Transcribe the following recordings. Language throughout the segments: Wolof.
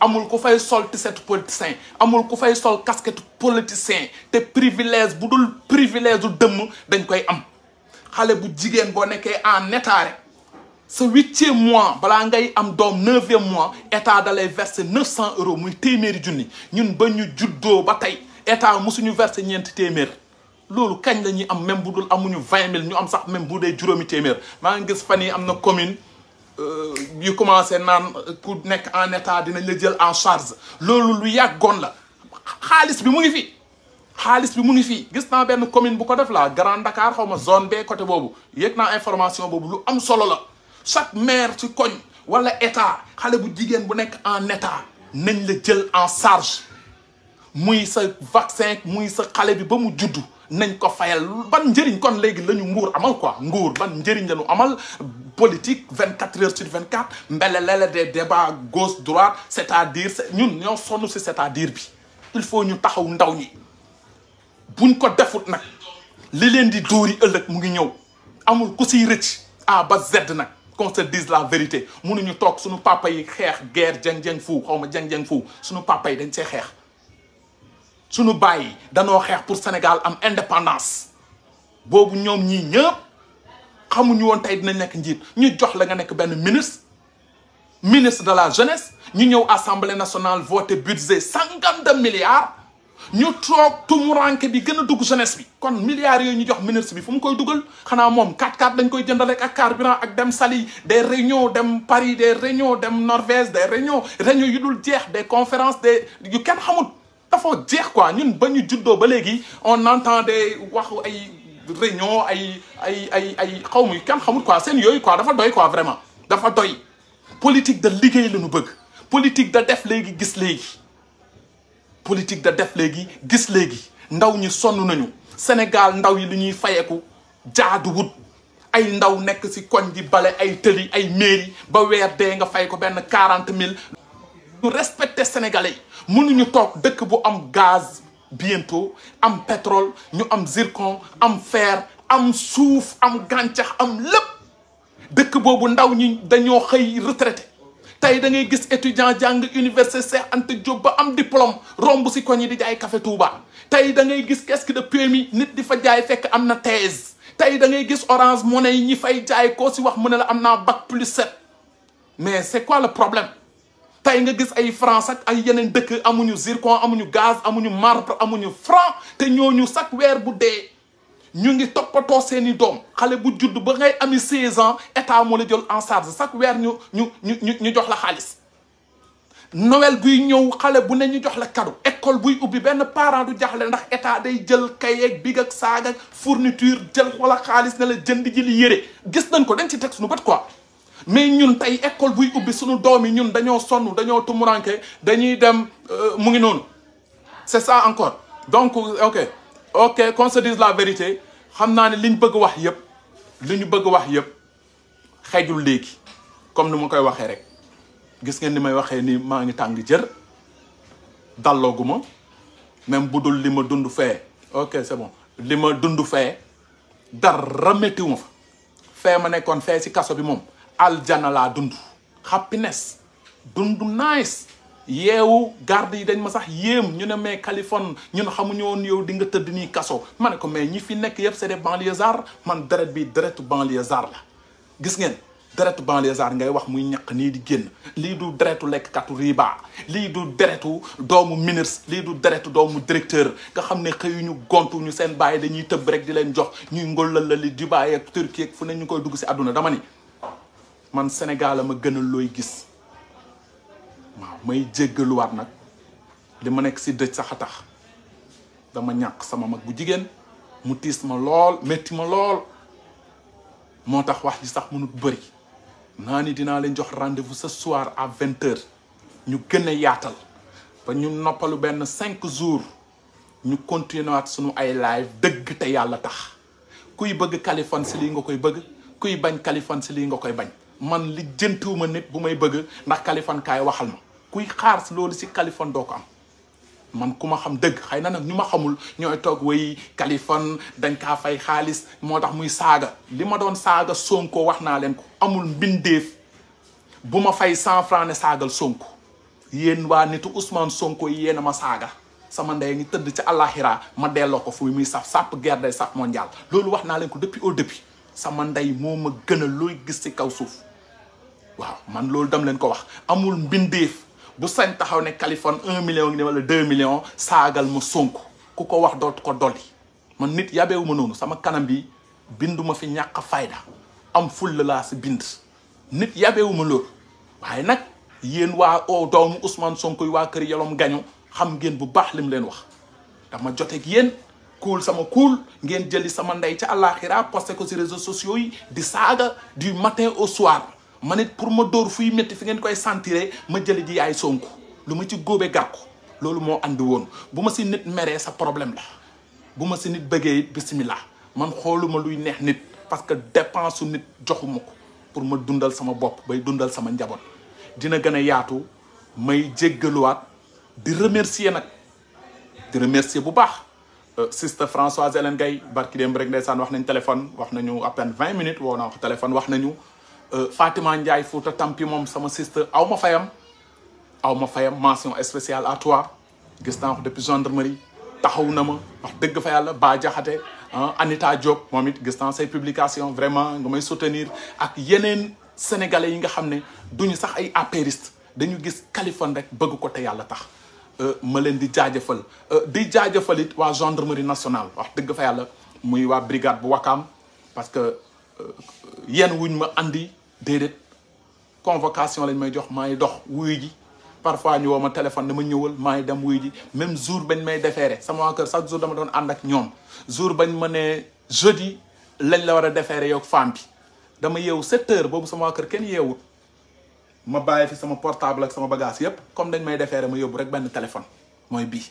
amul ku fay sol tiset politicien amul ku fay sol casquette politicien te privilège bu dul privilège du dëmm dañ koy am xale bu jigéen boo nekkee en état rek sa huitième mois balaa ngay am doom neuvième mois état da lay verser neuf cent euros muy téeméeri junni ñun ba ñu juddoo ba tey état mosuñu verser ñeenti téeméer loolu kañ la am même bu dul amuñu vingt mille ñu am sax même bu dee juróomi téeméer maa ngi gis fan am na commune Euh, yu commencé naan euh, ku nekk en état dinañ la jël en charge loolu lu yàggoon la xaalis bi mu ngi fi. xaalis bi mu ngi fii gis naa benn commune bu ko def la Grand Dakar xaw ma zone B côté boobu yëg naa information boobu lu am solo la chaque maire ci koñ wala état xale bu jigéen bu nekk en état nañ la jël en charge muy sa vaccin muy sa xale bi ba mu juddu nañ ko fayal ban njëriñ kon léegi lañu nguur amal quoi nguur ban njëriñ la ñu amal politique 24 heures sur 24 mbelelele des débats gauche droite c'est-à-dire ñun ñoo sonn si c'est-à-dire bi il faut ñu taxaw ndaw ñi buñ ko defut nag li leen di dóori ëllëg mu ngi ñëw amul ku siy rëcc A ba Z nag qu'on se dise la vérité munu ñu toog suñu papa yi xeex guerre jeng-jeng fu xaw ma jeng-jeng fu suñu papa yi dañ see xeex suñu baay yi danoo xeex pour Sénégal am indépendance boobu ñoom ñii ñëpp xamuñu woon tey dina nekk njiit ñu jox la nga nekk benn ministre ministre de la jeunesse ñu ñëw assemblée nationale voté budget cinquante milliards ñu toog tumuranke bi gën a dugg jeunesse bi kon milliards yooyu ñu jox ministre bi fu koy dugal xanaa moom 4-4 dañ koy jëndal ak carburant ak dem Saly des réunions dem Paris des réunions dem Norvège des réunions réunions yu dul jeex des conférences des yu kenn xamul dafa jeex quoi ñun ba ñu juddoo ba léegi on entend des waxu ay réunion ay ay ay ay xaw ma kenn xamul quoi seen yooyu quoi dafa doy quoi vraiment dafa doy politique de liggéey la ñu bëgg politique de def léegi gis léegi politique de def léegi gis léegi ndaw ñi sonn nañu Sénégal ndaw yi li ñuy fayeku jaaduwut ay ndaw nekk si koñ di bale ay tëli ay mairie ba weer dee nga fay ko benn quarante mille. ñu respecté sénégalais yi mënuñu toog dëkk bu am gaz bientôt am pétrole ñu am zircon am fer am suuf am gàncax am lépp dëkk boobu ndaw ñi dañoo xëy retraité tey da ngay gis étudiant jàng université Cheikh Anta Diop ba am diplôme romb si koñ yi di jaay café Touba tey da ngay gis caisse de PMI nit di fa jaay fekk am na thèse tey da ngay gis Orange Money ñi fay jaay koo si wax mu ne la am naa bac plus sept mais c'est quoi le problème tey nga gis ay France ak ay yeneen dëkk amuñu zircon amuñu gaz amuñu marbre amuñu franc te ñooñu chaque weer bu dee ñu ngi toppatoo seeni doom xale bu judd ba ngay ami 16 ans état moo la jël en charge chaque weer ñu ñu ñu ñu jox la xaalis. nowel buy ñëw xale bu ne ñu jox la cadeau école buy ubbi benn parent du jaxle ndax état day jël kayeeg big ak saag ak fourniture jël wala xaalis ne la jënd ji li yére gis nañ ko dañ ci teg suñu bët quoi. mais ñun tey école buy ubbi suñu doom yi ñun dañoo sonn dañoo tumuranke dañuy dem euh, mu ngi noonu c'est ça encore donc ok ok qu'on se dise la vérité xam naa ne li bëgg wax yëpp li ñu bëgg wax yëpp xejul léegi comme ni ma koy waxee rek gis ngeen ni may waxee ni maa ngi tàng jër dalloogu ma même bu dul li ma dund fee ok c'est bon li ma dund fee dara méttiwu ma fa fee ma nekkoon fee si kaso bi moom aljana laa dund happiness dund nice yeewu garde yi dañ ma sax yéem ñu ne mais Kaliphone ñun xamuñu woon yow di nga tëdd nii kaso ma ne ko mais ñi fi nekk yëpp c'est des banlieusards man deret bi deretu banlieusard la gis ngeen deretu banlieusard ngay wax muy ñaq nii di génn lii du deretu lekkkatu riba lii du deretu doomu ministre lii du deretu doomu directeur nga xam ne xëyuñu ñu seen bàyyi dañuy tëb rek di leen jox ñuy ngóllal la la li Dubaï ak Turquie ak fu ne ñu koy dugg si àdduna dama man Sénégal ma gënal looy gis waaw may jéggaluwaat nag li ma nekk si dëj sax a tax dama ñàkk sama mag bu jigéen mu tiis ma lool metti ma lool moo tax wax ji sax mënut bëri naa ni dinaa leen jox rendez-vous ce soir à vingt ñu gën yaatal ba ñu noppalu benn cinq jours ñu continuer waat sunu ay live dëgg te yàlla tax kuy bëgg Kaliphone si lii nga koy bëgg kuy bañ Kaliphone si lii nga koy bañ man li jëntuwuma nit bu may bëgg ndax Kaliphone kaay waxal ma kuy xaar loolu si Kaliphone doo ko am man ku ma xam dëgg xëy na nag ñu ma xamul ñooy toog way kalifon dañ kaa fay xaalis moo tax muy saaga li ma doon saaga Sonko wax naa leen ko amul mbindeef bu ma fay cent saagal Sonko yéen waa nitu Ousmane Sonko yéen a ma saaga sama ndey a ngi tëdd ci àllaaxira ma delloo ko fu muy saf sàpp gerde day saf mondial loolu wax naa leen ko depuis au début sama ndey moo ma gën a looy gis ci kaw suuf waaw man loolu dam leen ko wax amul mbindeef bu sañ taxaw ne Kaliphone un million ngi wala deux million saagal ma sonk ku ko wax dootu ko dolli man nit yabeewu ma noonu sama kanam bi binduma fi ñàkk fayda am fulla laa si bind nit yabeewu ma loolu waaye nag yéen waa o doomu Ousmane Sonko yi waa kër yolom gañu xam ngeen bu baax lim leen wax dama joteeg yéen kuul sama kuul ngeen jëli sama ndey ca àllaaxira posté ko si réseaux sociaux yi di saaga du matin au soir ma it pour ma dóor fuy métti fi ngeen koy sentiré ma jëli ji yaay sonku lu ma ci góobe gàkku loolu moo andi woon bu ma si nit meree sa problème la bu ma si nit bëggee it bismillah man xooluma luy neex nit parce que dépense su nit joxuma ko pour ma dundal sama bopp bay dundal sama njaboot dina gën a yaatu may jéggaluwaat di remercier nag di remercier bu baax euh, sister Françoise Hélène Gaye barki démb rek ndeysaan wax nañ téléphone wax nañu appen peine vingt minutes woo naa wax téléphone wax nañu Euh, Fatima Ndiaye Fouta Tampi moom sama sister aw ma fayam aw ma fayam mention spéciale à toi gis naa ko depuis gendarmerie taxaw na ma wax dëgg fa yàlla Ba Jaxate Anita Diop moom it gis naa publication vraiment nga may soutenir ak yeneen sénégalais yi nga xam ne du ñu sax ay apériste dañu gis Kaliphone rek bëgg ko te yàlla tax euh, ma leen di jaajëfal euh, di jaajëfal it waa gendarmerie nationale wax dëgg fa yàlla muy waa brigade bu Wakaam parce que yéen wuñ ma andi déedéet convocation lañ may jox maa ngi dox wuyu ji parfois ñu woo ma téléphone dama ñëwal maa ngi dem wu ji même jour bañ may defeere sama waa kër chaque jour dama doon ànd ak ñoom jour bañ ma ne jeudi lañ la war a defeere yoog femme bi dama yeewu 7 boobu sama waa kër kenn yeewut ma bàyyi fi sama portable ak sama bagage yépp comme dañ may defeere ma yóbbu rek benn téléphone mooy bii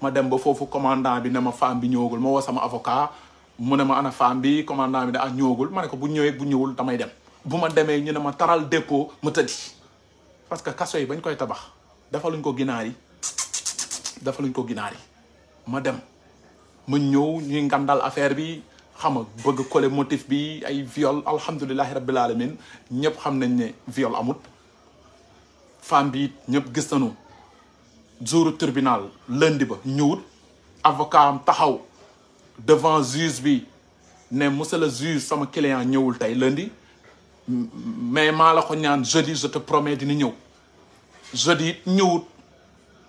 ma dem ba foofu commandant bi ne ma femme bi ñëwagul ma woo sama avocat mu ne ma ana femme bi commandant bi ne ah ñëwagul ma ne ko bu ñëwee bu ñëwul damay dem bu ma demee ñu ne ma taral dépôt ma tëddi parce que casso yi bañ koy tabax defaluñ ko ginaar yi defaluñ ko ginaar yi ma dem ma ñëw ñuy ngandal affaire bi xam nga bëgg collé motif bi ay viol alhamdulilahi rabbil alamin ñëpp xam nañ ne viol amut femme bi ñëpp gis nañu jouru tribunal lundi ba ñëwut avocat am taxaw devant juge bi ne monsieur le juge sama client ñëwul tey lundi mais maa la ko naan jeudi je te promets dina ñëw jeudi ñëwut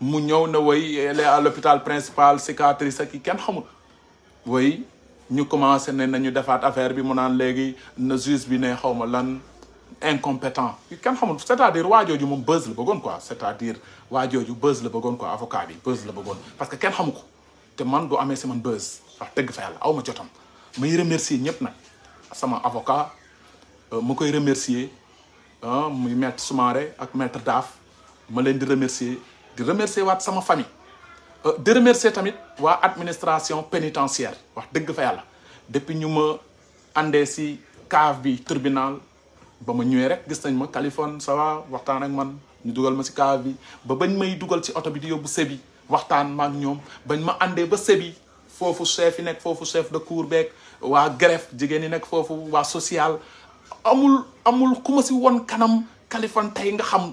mu ñëw ne way elle est à principal cicatrice ak yi kenn xamut way ñu commencé ne ñu defaat affaire bi mu naan léegi na juge bi ne xaw ma lan incompétent yu kenn xamul c'est-à-dire waa jooju moom buzz la bëggoon quoi c'est-à-dire waa jooju buzz la bëggoon ko avocat bi buzz la bëggoon parce que kenn xamu ko te man du amee si man buzz wax dëgg fa yàlla aw ma jotam may remercier ñëpp nag sama avocat Euh, ma koy remercier ah muy maître Soumaré ak maître Daaf ma leen di remercier di remercier waat sama famille euh, di remercier tamit waa administration pénitentiaire wax dëgg fa yàlla depuis ñu ma àndee si cave bi tribunal ba ma ñëwee rek gis nañ ma Californie ça waxtaan ak man ñu dugal ma si cave bi ba bañ may dugal si oto bi di yóbbu sébi waxtaan ma ak ñoom bañ ma àndee ba sebi foofu chef yi nekk foofu chef de cour beeg waa greffe jigéen yi nekk foofu waa social amul amul ku ma si won kanam Kaliphone tey nga xam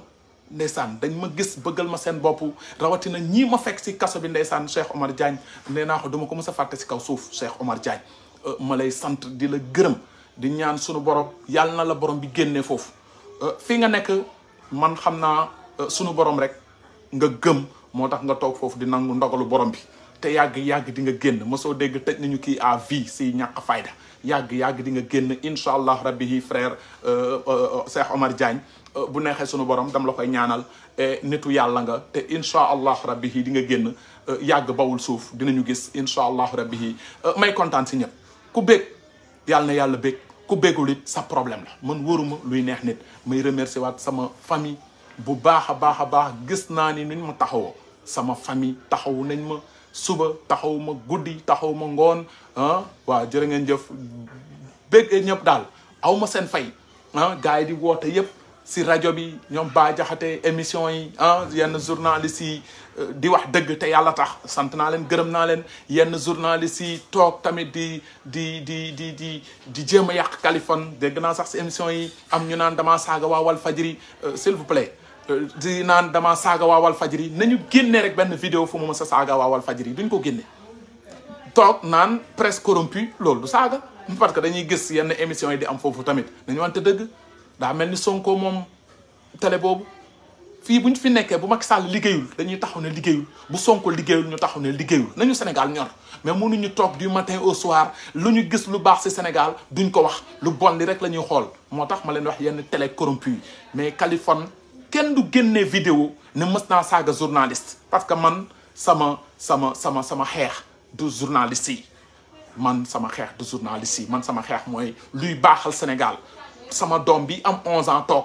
ndeysaan dañ ma gis bëggal ma seen bopp rawatina ñii ma fekk si kaso bi ndeysaan Cheikh Omar Diagne nee naa ko duma ko mës a fàtte si kaw suuf Cheikh Omar Diagne euh, ma lay sant di la gërëm di ñaan sunu borom yàlla na la borom bi génnee foofu euh, fii nga nekk man xam naa euh, sunu borom rek nga gëm moo tax nga toog foofu di nangu ndogalu borom bi te yàgg-yàgg di nga génn mosoo dégg tëj nañu kii à vie si ñàkk fayda yàgg-yàgg di nga génn incha allah rabbi yi frère euh, euh, Cheikh Omar Diagne euh, bu neexee suñu borom dam la koy ñaanal nitu yàlla nga te incha allah rabbi yi di nga génn yàgg bawul suuf dinañu gis incha allah rabbi yi may kontaan si ñëpp ku bég yàlla na yàlla bég ku bégul it sa problème la man wóoruma luy neex nit may remercier waat sama famille bu baax a baax a baax gis naa ni nuñ ma taxawoo sama famille taxawu nañ ma suba taxaw ma guddi taxaw ma ngoon ah waaw jërë ngeen jëf bëgg ñëpp daal aw ma seen fay ah gars yi di woote yëpp si rajo bi ñoom baa jaxate émission yi ah yenn journalistes yi euh, di wax dëgg te yàlla tax sant naa leen gërëm naa leen yenn journalistes yi toog tamit di di di di di di jéem a yàq Kaliphone dégg naa sax si émission yi am ñu naan damaa saaga waa Walfadjri euh, s'il vous di naan dama saaga waawal waa Walfadjri nañu génne rek benn vidéo fu mu mës a saaga waa Walfadjri duñ ko génne toog naan presse corrompue loolu du saaga parce que dañuy gis yenn émission yi di am foofu tamit nañu wante dëgg daa mel ni Sonko moom télé boobu fii buñ fi nekkee bu Macky sàll liggéeyul dañuy taxaw ne liggéeyul bu Sonko liggéeyul ñu taxaw ne liggéeyul nañu Sénégal ñor mais mënuñu toog du matin au soir lu ñu gis lu baax ci Sénégal duñ ko wax lu bon li rek la ñuy xool moo tax ma leen wax yenn télé corrompue mais Californie kenn du génnee vidéo ne mës naa saaga journaliste parce que man sama sama sama sama xeex du journaliste yi man sama xeex du journaliste yi man sama xeex mooy luy baaxal Sénégal sama doom bi am 11 ans toog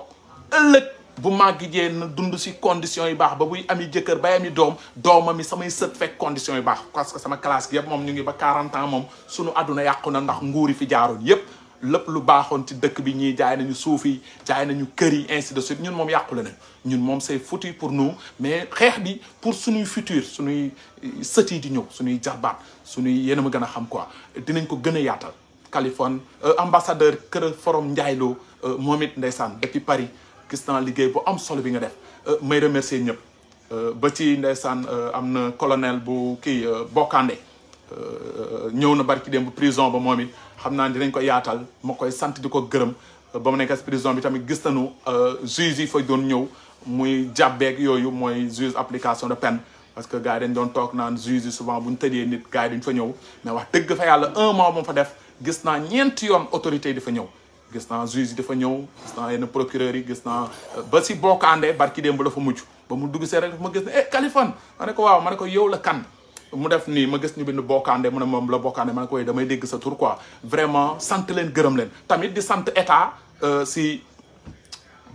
ëllëg bu màgg jee na dund si conditions yu baax ba buy ami jëkkër bay ami doom doomam mi samay sët fekk conditions yu baax parce que sama classe gi yëpp moom ñu ngi ba 40 ans moom sunu àdduna yàqu na ndax nguur yi fi jaaroon yëpp lépp lu baaxoon ci dëkk bi ñii jaay nañu suuf yi jaay nañu kër yi ainsi de suite ñun moom yàqu yàqule na ñun moom c'est foutu pour nous mais xeex bi pour suñuy futur suñuy euh, sët yi di ñëw suñuy jarbaat suñuy yéen a ma gën a xam quoi dinañ ko gën a yaatal Californie euh, ambassadeur kër forom njaayloo euh, moom it ndeysaan depuis Paris gis naa liggéey bu am solo bi nga def mais remercier ñëpp ba ci ndeysaan am na colonel bu kii Bokande ñëw na barki démb prison ba moom it xam naa ni dinañ ko yaatal ma koy sant di ko gërëm ba mu nekk prison bi tamit gis nañu euh, juge yi fa doon ñëw muy jàbbeeg yooyu mooy juge application de peine parce que gars dañ doon toog naan juge yi souvent bu ñu tëjee nit gars yi duñ fa ñëw mais wax dëgg fa yàlla un mois bu fa def gis naa ñeent yoon autorité yi dafa ñëw gis naa juge dafa ñëw yenn procureur yi gis naa euh, ba si boo ko àndee barki démb la fa mujj ba mu dugg see rek ma gis ne eh ma ne ko waaw ma ne ko yow la kan mu def nii ma gis ñu bind bokkaande mu ne moom la bokkaande ma ne koy damay dégg sa tur quoi vraiment sant leen gërëm leen tamit di sant état euh, si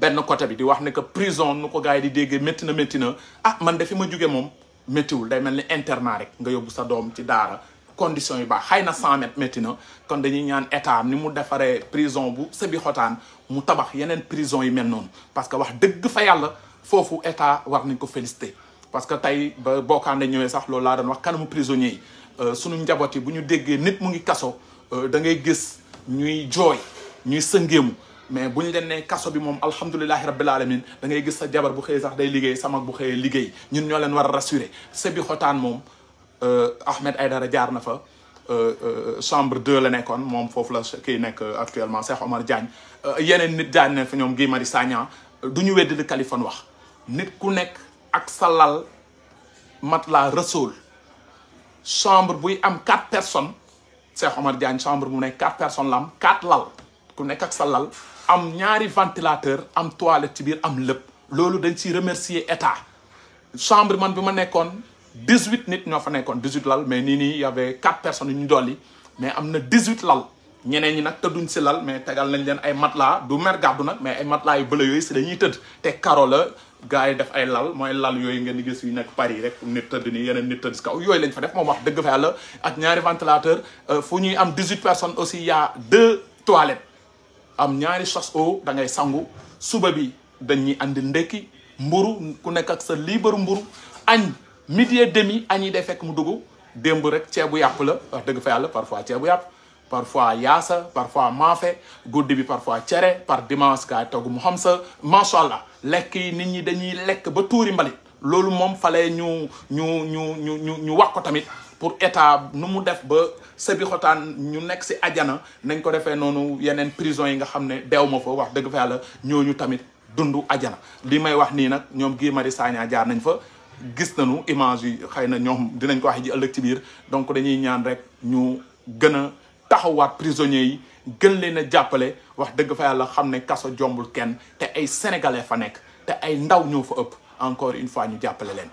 benn côté bi di wax ne que prison nu ko gars yi di déggee métti na métti na ah man de fi ma jugee moom méttiwul day mel ni internat rek nga yóbbu sa doom ci daara condition yu baax xëy na 100 mètres na kon dañuy ñaan état ni mu defaree prison bu sëbi xotaan mu tabax yeneen prison yi mel noonu parce que wax dëgg fa yàlla foofu état war nañ ko féliciter parce que tey ba bokkaande ñëwee sax loolu laa doon wax kanamu prisonnier yi euh, suñu njaboot yi bu ñu déggee nit mu ngi kaso euh, da ngay gis ñuy jooy ñuy sëngeemu mais bu ñu leen nee kaso bi moom alhamdulilahi rabbil alamin da ngay gis sa jabar bu xëyee sax day liggéey sama bu xëyee liggéey ñun ñoo leen war a rassuré Sébi Xotaan moom euh, Ahmed Aydara jaar na fa chambre 2 la nekkoon moom foofu la kii nekk actuellement Cheikh Omar Diagne yeneen nit Diagne ne fi ñoom Guy Marius Sagna du ñu weddi li wax nit ku nekk ak sa lal mat la rësool chambre buy am quatre personnes Cheikh Omar Diagne chambre bu nekk quatre personnes la am quatre lal ku nekk ak sa lal am ñaari ventilateur am toilette ci biir am lépp loolu dañ ciy remercier état chambre man bi ma nekkoon dix huit nit ñoo fa nekkoon dix huit lal mais nii nii y avait quatre personnes yu ñu dolli mais am na dix huit lal ñeneen ñi nag tëdduñ si lal mais tegal nañ leen ay matelas du mer gàddu nag mais ay matla yu bële yooyu si dañuy tëdd te karo la gars yi def ay lal mooy lal yooyu ngeen di gis yu nekk Paris rek nit tëdd nii yeneen nit tëdd si kaw yooyu lañ fa def moom wax dëgg fa yàlla ak ñaari ventilateur euh, fu ñuy am 18 personnes aussi y a deux am ñaari chasse eau da ngay sangu suba bi dañuy andi ndekki mburu ku nekk ak sa liibaru mburu añ midi et demi añ yi day fekk mu dugg démb rek ceebu yàpp la wax dëgg fa yàlla parfois ceebu yàpp parfois yaasa parfois maafe guddi bi parfois cere par dimanche kaay togg mu xam sa macha allah lekk yi nit ñi dañuy lekk ba tuuri mbalit loolu moom fale ñu ñu ñu ñu ñu ñu wax ko tamit pour état nu mu def ba sëbi ñu nekk si ajana nañ ko defee noonu yeneen prison yi nga xam ne deew ma fa wax dëgg fa yàlla ñooñu tamit dundu ajana li may wax nii nag ñoom Guy Marius Sagna jaar nañ fa gis nu image yi xëy na ñoom dinañ ko wax ji ëllëg ci biir donc dañuy ñaan rek ñu gën a taxawaat prisonniers yi gën leen a jàppale wax dëgg fa yàlla xam ne kaso jombul kenn te ay sénégalais fa nekk te ay ndaw ñoo fa ëpp encore une fois ñu jàppale leen